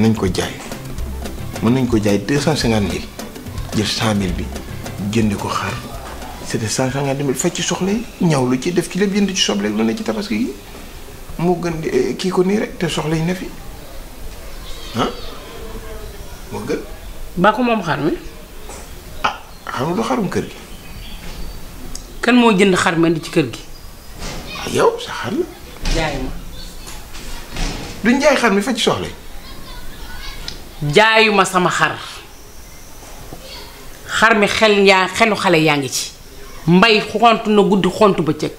nañ ko jaay mën nañ ko jaay deux cent cinquante mille jël cent mille bi jënd ko xar c'était cent cinquante mille faj soxla yi ñaw lu ci def ki lépp jënd ci soble lu ne ci tabaski moo gën eh, kii ko nii rek te soxla yi ne fi ah moo gën. moom xar mi. ah xam nga du xarum kër gi. kan moo jënd xar mi indi ci kër gi. Ah, yow sa xar la. jaay ma. duñ jaay xar mi faj ci soxla jaayuma sama xar xar mi xel yaa xelu xale yaa ngi ci mbay xont na guddi xont bëccëg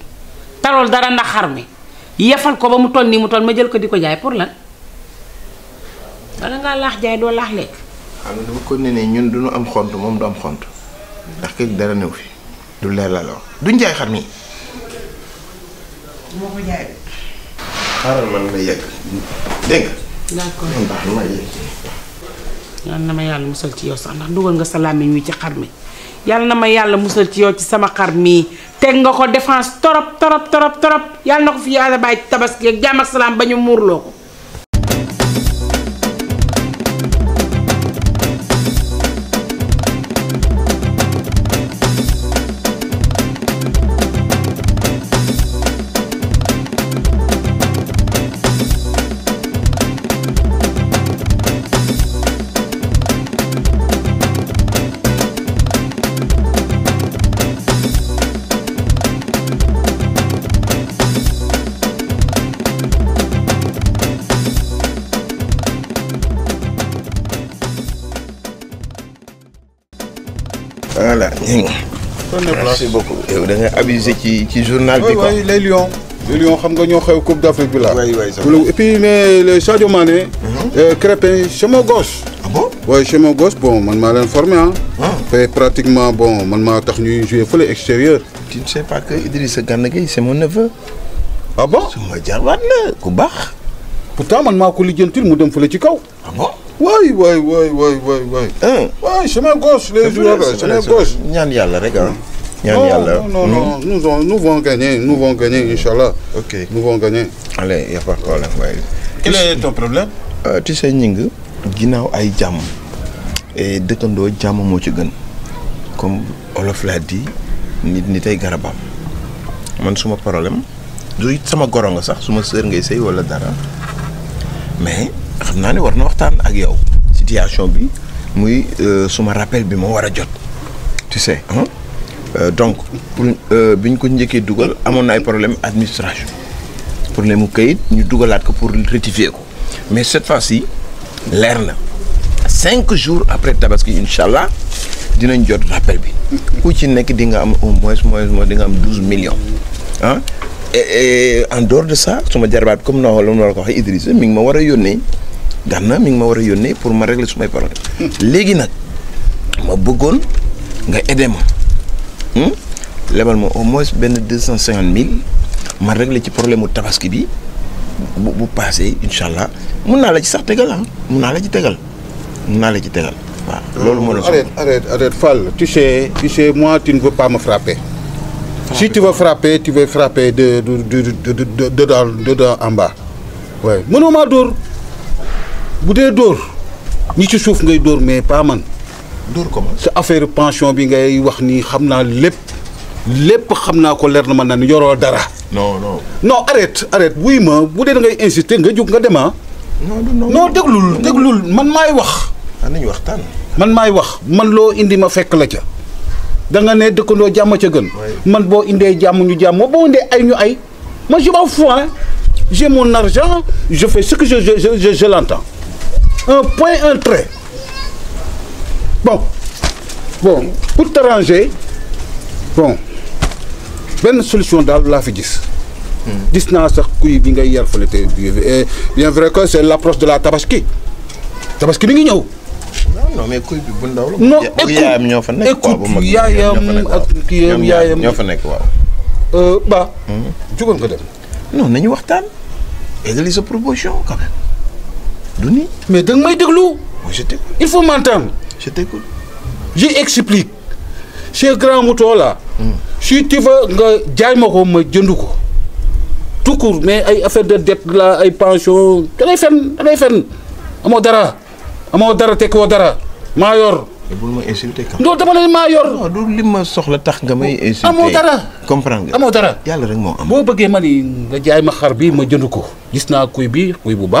tarool dara ndax xar mi yefal ko ba mu toll nii mu toll ma jël ko di ko jaay pour lan dana ngaa laax jaay doo laax lekk xam du am xont moom du am xont ndax kër leer la la wax duñ jaay xar mi moo ko jaay xaaral yegg dégg yàlla na ma yàlla musal ci yow sax ndax dugal nga sa mi wi ci xar mi yàlla na ma yàlla musal ci yow ci sama xar mi teg nga ko défense torop torop torop torop yàlla na ko fi yàlla bàyyi tabaski ak jàmm ak salaam ba ñu muurloo ko voilà merci beaucoup. yow da abusé ci ci journal Oui, quoi. les lions. les lions xam nga ñoo xew Coupe d'Afrique bi la. et puis mais le Sadio Mané. Mhm. Euh, Crépin mon gauche. ah bon chez mon gauche bon man m'a informé hein ah. fait pratiquement bon man m'a tax ñuy joué fële extérieur. tu ne sais pas que Idriss Gana c'est mon neveu. ah bon c'est ma jarwaat la ku baax. pourtant man maa ko lijjantil mu dem fële ci kaw. ah bon. waay waay waay waay waay waay. waay chemin gauche les jours là chemin gauche. ñaan yàlla rek ah. ñaan yàlla non non hmm? non nous vont gagner nous vont gagner inchallah. ok nous vont gagner. allez y a pas de problème waaye. quel est ton problème. Euh, tu sais ñing ginnaaw ay jàmm. dëkkandoo jàmm moo ci gën. comme olof laa di nit ni tey garabam. man suma problème. du sama goro nga sax suma sœur ngay sëy wala dara mais. xam naa ne war na waxtaan ak yow situation bi muy euh, suma rappel bi ma war a jot tu sais hein? Euh, donc pour euh, bi ñu ko njëkkee dugal amoon ay problème administration problème mu kayit ñu dugalaat ko pour rectifier ko mais cette fois-ci leer na cinq jours après tabaski incha dinañ jot rappel bi ku ci nekk di nga am au moins moins moins di nga am douze millions ah et en dehors de ça suma jarbaat comme noo la mu war ko waxee Idrissa mi ngi ma war a yónnee. Gana mi ngi ma wara yone pour ma régler sumay problème Légui nak ma bëggoon nga aider ma lebal mo au moins ben 250 000, ma régler ci problème mu tabaski bi bu bu inchallah incha mun naa la ci sax tégal ah mun naa la ci tégal. mun naa la ci tégal. Wa loolu mo la arrête arrête arrête Fall tu sais tu sais moi tu ne veux pas me frapper. si tu veux frapper tu veux frapper de de de de de de de de, en bas. Ouais. mënoo maa boudé dor ni ci souf ngay dóor mais pas man. dóor comment c'est affaire pension bi ngay wax ni xamna lepp lepp xamna ko leer na ma naan dara. non non non arrête arrête Oui, ma bu da ngay insister nga jóg nga dem ah. non non déglul déglul man may wax. Ah, nañu waxtaan. man may wax man lo indi ma fekk la ca. da nga ne lo jamm ca gën. man bo indé jamm ñu jamm bo indee ay ñu ay. moi je m'en fous hein j'ai mon argent je fais ce que je je je je l'entends un point, un trait. Bon, bon pour ranger, bon, une solution d'Allah. la fi gis. gis Il eh, vrai que c'est l'approche de la tabaski tabaski mi non non mais kuy bi bu non y a quoi Non, tu comprends. non nañu proposition quand même mais tu may je t'écoute il faut m'entendre. je t'écoute. je explique. grand grand moutons là. Hmm. si tu veux que je me tout court mais ay affaire de dette la ay pension faire Tu fen tu fais? Tu dara amoo dara dara non Tu ne maa non du ma soxla tax nga comprendre nga. Tu rek am. Tu ma ni nga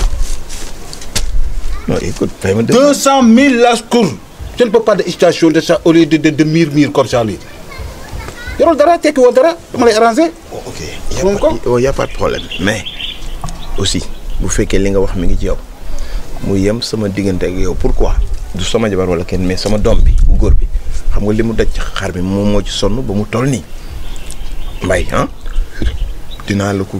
écoute, 200 000 lascours. Je ne peux pas de station de ça au lieu de, de, de mire comme ça. Lui. Yorol dara, t'es que dara, on les arranger. Oh, ok, il n'y oh, a, pas de problème. Mais aussi, vous faites que l'inga wax mi moi ci yow. Mu yem sama digënté yow. Pourquoi Du sama jabar wala kenn mais sama dombi, bi, góor bi. Xam nga li mu daj ci xar bi moom moo ci sonn ba mu toll nii. Mbay, hein? Dinaa la ko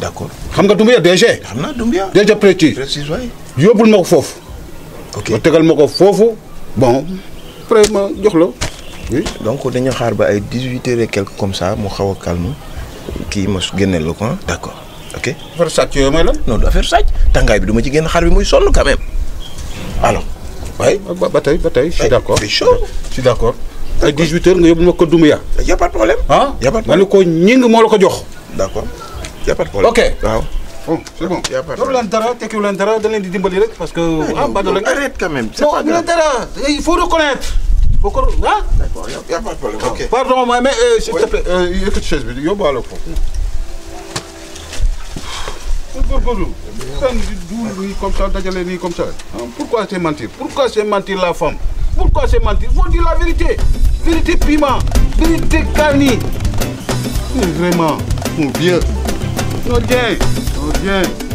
d'accord accord xam DG. DG ça oui ok ça. bon après je oui. donc on xaar ba ay 18h et quelque comme ça mu suis calme qui ma le ko D'accord ok. faire ça non du faire ça tàngaay bi je vais ci génn xaar bi quand même alors. Oui, ba Bataille, je suis C'est je suis d'accord À 18h nga a pas de problème. Il n'y a pas de problème D'accord y' a pas de problème ok waaw. bon c'est bon Il y' a pas de problème loolu leen dara tekkiwu leen dara da di dimbali rek parce que. ah Badou rek arrête quand même. c'est pas grave non dara il faut reconnaître. faut que ah. d'accord y' a pas de problème ok. pardon mais euh, s'il te plaît. yëkkati euh, chaise bi yóbbuwaale ko. góorgóorlu fenn di duul nii comme ça dajale nii comme ça hein, pourquoi c'est mentir pourquoi c'est mentir la femme pourquoi c'est mentir faut dire la vérité vérité piment vérité garnie vraiment mon vieux Okay. Okay.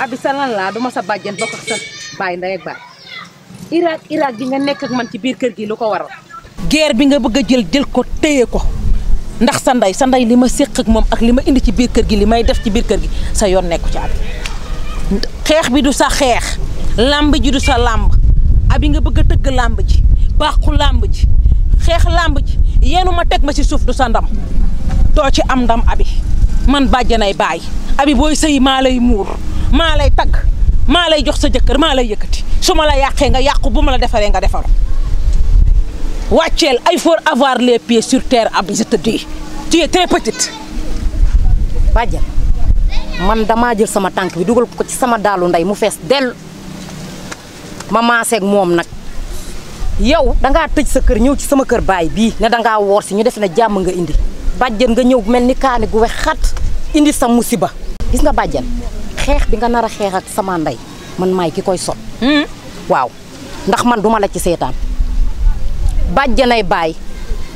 abi lan la duma sa bàjjen bokk ak sa bay nday ak Irak Irak gi nga nek ak man ci Gerbinga keur gi luko war sandai guerre bi nga bëgg jël jël ko teyé ko ndax sa nday sa nday lima sekk ak mom ak lima indi ci bir keur gi limay def ci bir keur gi sa yon nekku ci abi xex bi du sa xex lamb ji du sa lamb abi nga bëgg teug lamb ji baxu lamb ji xex lamb ji yeenu ma tek ma ci suuf du sa ndam to ci am ndam abi man bajjanay bay abi boy sey malay mur maa lay tagg maa lay jox sa jëkkër maa lay yëkkati su ma la yàqee nga yàqu bu ma la defaree nga defaru wàcceel ay faut avoir les pieds sur terre ab je te dis tu es petite. bàjjal man dama jël sama tànk bi dugal ko ci sama daalu ndey mu fees dell ma maaseeg moom nag yow dangaa tëj sa kër ñëw ci sama kër baay bii ne dangaa woor si ñu def na jàmm nga indi bàjjal nga ñëw mel ni kaani gu wex xat indi sa musiba gis nga bàjjal xeex bi nga nar a xeex ak sama ndey man maay ki koy sot hmm? waaw ndax man duma la ci seetaan bàjjanay baay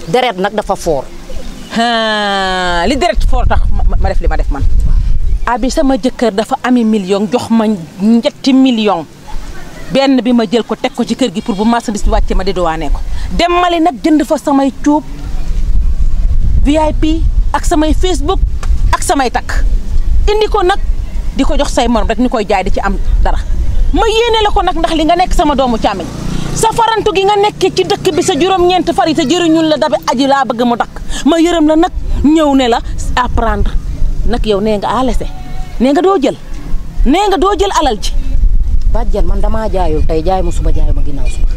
deret nag dafa foor li deret foor tax ma def li ma def man abi sama jëkkër dafa ami million jox ma ñetti million benn bi ma jël ko teg ko ci kër gi pour bu marchandise bi wàccee ma di dowaanee ko dem nag jënd fa samay cuub VIP ak samay Facebook ak samay takk indi ko nag di jox say morom rek ni koy jaay di ci am dara ma yene la ko nag ndax li nga nek sama doomu càmmiñ sa farantu gi nga nek ci dekk bi sa jurom ñent fari te la dabe aji la bëgg mu dakk ma yërëm la nak ñew ne la apprendre nak yow ne nga alese ne nga do jël ne nga do jël alal ji bàjjan man dama jaayul tay jaay mu suba jaay ma ginaaw suba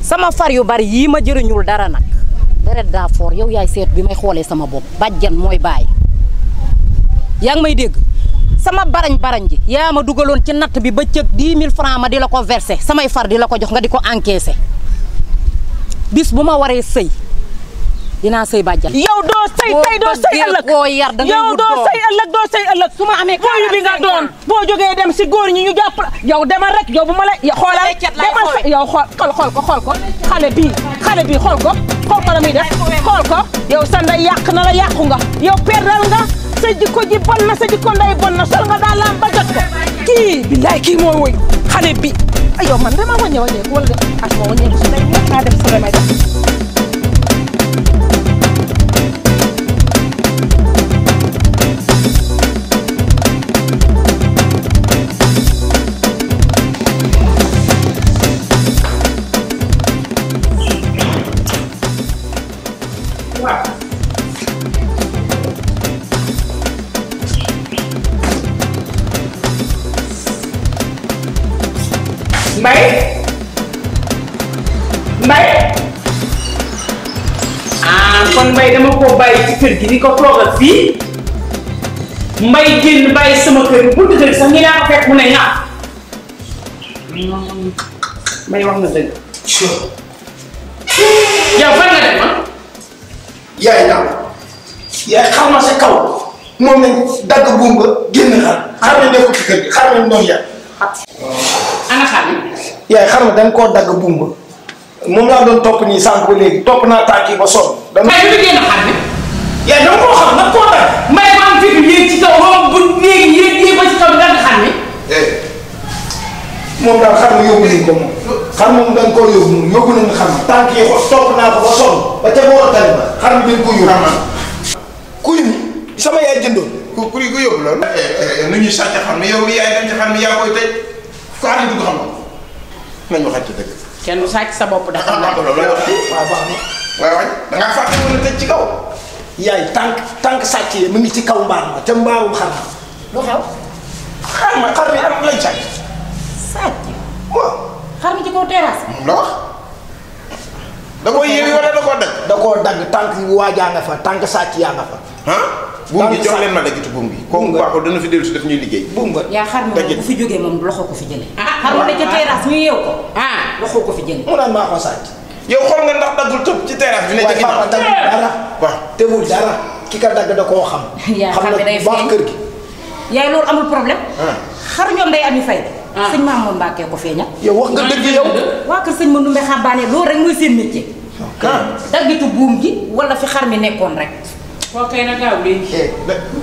sama far yu bari yi ma jëriñul dara nak deret da for yow yaay set bi may xolé sama bop bàjjan mooy bàyyi yaa may deg sama barang barang ji ya ma dugaloon ci natt bi ba cëg francs ma di la ko versé samay far di la ko jox nga di ko bis buma ma waree sëy dinaa sëy bàjjal yow doo sëy tey doo sëy ëllëg koo yar da yow doo sëy ëllëg doo sëy ëllëg su ma amee mooyu bi nga doon boo jógee dem si góor ñi ñu jàpp la yow demal rek yow bu ma la xoolal demal yow xool xool ko xool ko xale bii xale bii xool ko xool ko la muy def xool ko yow sa nday na la yàqu nga yow perdal nga sa jikko ji bon na sa jikko nday bon na sol nga daal laam ba jot ko kii billaay kii moo woy xale bi ayo man dama waññe waññeeku wala de ak ah, ma waññeeku su day naa kër gi ni ko toogal fii mbay génn bàyyi sama kër bu kër sax ñu naa ah ko fekk mu ne ñaar may wax na dëgg yow fan nga dem ah yaay naa yaay xam na sa kaw moom lañ dagg buum ba génn xar xar nañ def ko ci kër gi xar nañ doon yàq ana xar yaay xar dañ koo dagg buum ba moom laa doon topp nii sànq ba léegi topp naa tànk yi ba sonn. ay lu génn xar bi yaa dama koo xam nag koo dara may ma am fit yéeg ci kaw moom bu yéeg yéeg yéeg ba ci kaw nga xam ne moom daal xam nga yóbbu nañ ko moom xam moom dañ koo yóbbu moom yóbbu nañ xam tànk yi topp naa ko ba sonn ba ca boor tali ba xam dañ kau yóbbu kuy mi sama yaay jëndoon ku kuy ko yóbbu loolu nu ñuy sàcc xam ne yow yaay dem ci xam ne yaa koy tëj ko xam ne dugg xam nañ waxaat ci dëgg kenn du sàcc sa bopp dafa waaw waaw waaw da ngaa fàtte woon tëj ci kaw yaay tànk tànk sàcc yi mu ngi ci kaw mbaar ma ca mbaarum xar ma lu xew xar ma xar mi am lay sàcc sàcc waaw xar mi ci kaw da koo yéewi wala da dagg tànk waajaa fa tànk sàcc yaa nga fa buum gi jox leen ma daggatu buum bi kooku baaxul dana fi dellu si daf ñuy liggéey buum nga yaa xar ma bu fi jógee moom loxoo ko fi jële xar ma da ca terrasse yeew ko loxo ko fi jële ah, ah. mu naan maa ko sàcc yow xool nga ndax daggul tëb ci terrasse bi. ne jëkki waaw dara. ka dagg da koo xam. xam na bu baax kër gi. yaay loolu amul problème. Ah. xar ñoom day ami fay. Ah. sëñ Mamour Mbacke ko feeñal. yow wax nga dëgg yow. waa kër sëñ Manoumbe Xabaane loolu rek mooy seen métier. Ah. daggitu buum gi wala fi xar mi nekkoon rek. foo eh,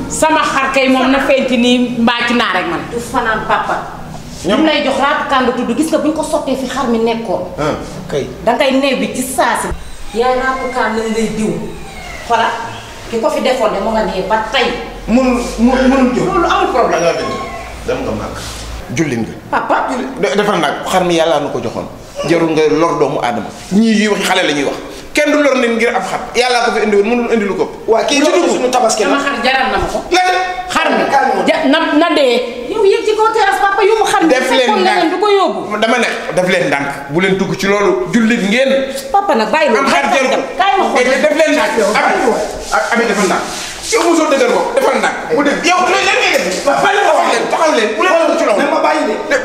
sama xar kay moom na feeñ ci nii mbaa ci naa rek man. du fanaan papa. ñoom lay jox raatu kànd tudd gis nga bu ñu ko sottee fi xar mi nekkoon. Ah, kay da ngay néew bi ci saa si. yaay raatu kànd lañ lay diw xoola ki ko fi defoon de mu nga nee ba tey. mënul mënul jóg loolu amul problème. da dem nga màgg. jullit nga. papa jullit defal naa xar mi yàlla nu ko joxoon. jarul nga lor doomu aadama ñii yuy waxi xale la ñuy wax. kenn du lor nit ngir am xar yàllaa ko fi indiwoon indilu ko. waaw kii loolu la sama xar jaral na ko. lan xar def leen ndànk du ko yóbbu dama ne def leen ndànk bu leen dugg ci loolu jullit ngeen. papa nag bàyyi am xar jël ko def leen ndànk am ami defal ndànk yow mosoo dëgër ko defal ndànk bu def yow loolu lan ngay def bàyyi ko wax leen taxaw leen bu leen dugg ci loolu ma bàyyi de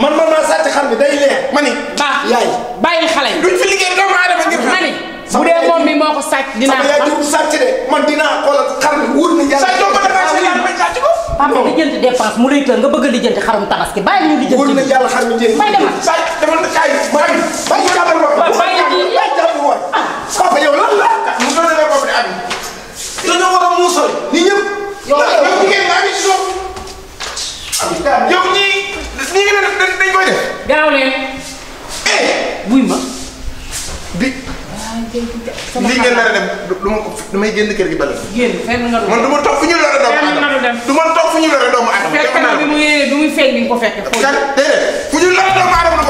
man man maa sàcc xar bi day leer ma ni baax yaay bàyyi xale yi duñ fi liggéey doomu aadama ngir ma ni bu dee moom bi moo ko sàcc dinaa sàcc de man dinaa xoolal xar bi wóor na yàlla papa di jënd dépense mu lay tënk nga bëgg li jënd xarum tabaski bàyyi ñu di jënd bay dama bay dama kay bay bay dama wax bay bay dama wax papa yow lan la mu doon la ko am dañu wara musal ni ñëpp yow yow ngeen ma ci am yow ñi ni dañ koy def gaaw leen eh wuy ma bi li ngeen nar dem dama damay génn kër gi bala génn fenn nga man ñu la dem. ma toog fu ñu lore doomu aadama. fekk na bi mu yéene bi muy feeñ bi ko fekk. déedéet fu ñu lore doomu aadama